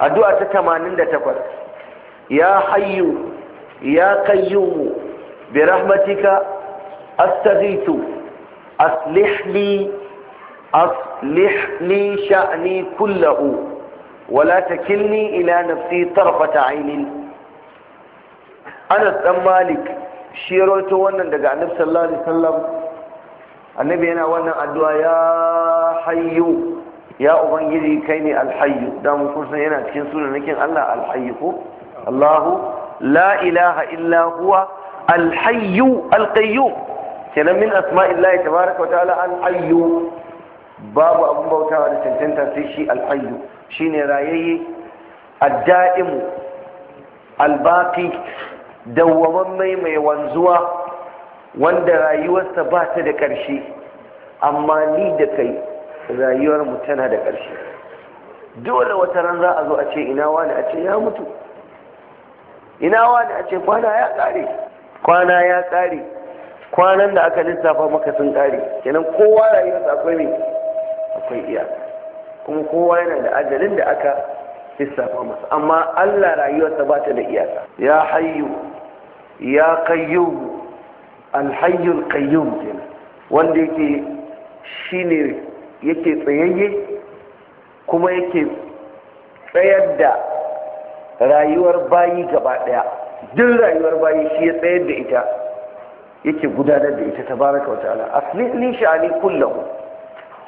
addu'a ta 88 ya hayyu ya qayyum bi rahmatika astaghithu aslih li aslih li sha'ni kullahu la takilni ila nafsi طرفة عين أنس dan malik شيرويتو wannan daga Annabi sallallahu alaihi wasallam Annabi yana wannan addu'a ya hayyu ya ubangiji kai ne alhayyu da kusan kun san yana cikin sunanakin Allah alhayyu ko Allahu la ilaha illa huwa alhayyu alqayyum kenan min asma'illahi tabaraka wa ta'ala alhayyu babu abun bautawa da cancanta sai shi alhayyu shine rayayye addaimu albaqi dawwamamme mai wanzuwa wanda rayuwarsa ba ta da ƙarshe amma ni da kai rayuwar mu tana da ƙarshe dole wata ran za a zo a ce ina wani a ce ya mutu ina wani a ce kwana ya ƙare kwana ya ƙare kwanan da aka lissafa maka sun ƙare kenan kowa sa akwai ne akwai iya kuma kowa yana da ajalin da aka lissafa masa amma Allah rayuwarsa ba ta da iyaka ya hayyu ya qayyum alhayyul qayyum kenan wanda yake shine yake tsayayye kuma yake tsayar da rayuwar bayi gaba daya duk rayuwar bayi shi ya tsayar da ita yake gudanar da ita tabaraka wata'ala aslih li sha'ani kullum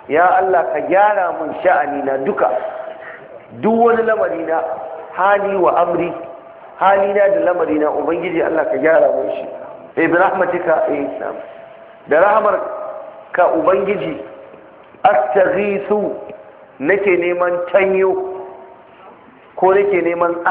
ya Allah ka gyara mun sha'ani na duka duk wani lamari na hali wa amri hali na da lamari na ubangiji Allah ka gyara mun shi eh, bi rahmatika eh, da rahmar ka ubangiji astaghisu nake neman tanyo ko nake neman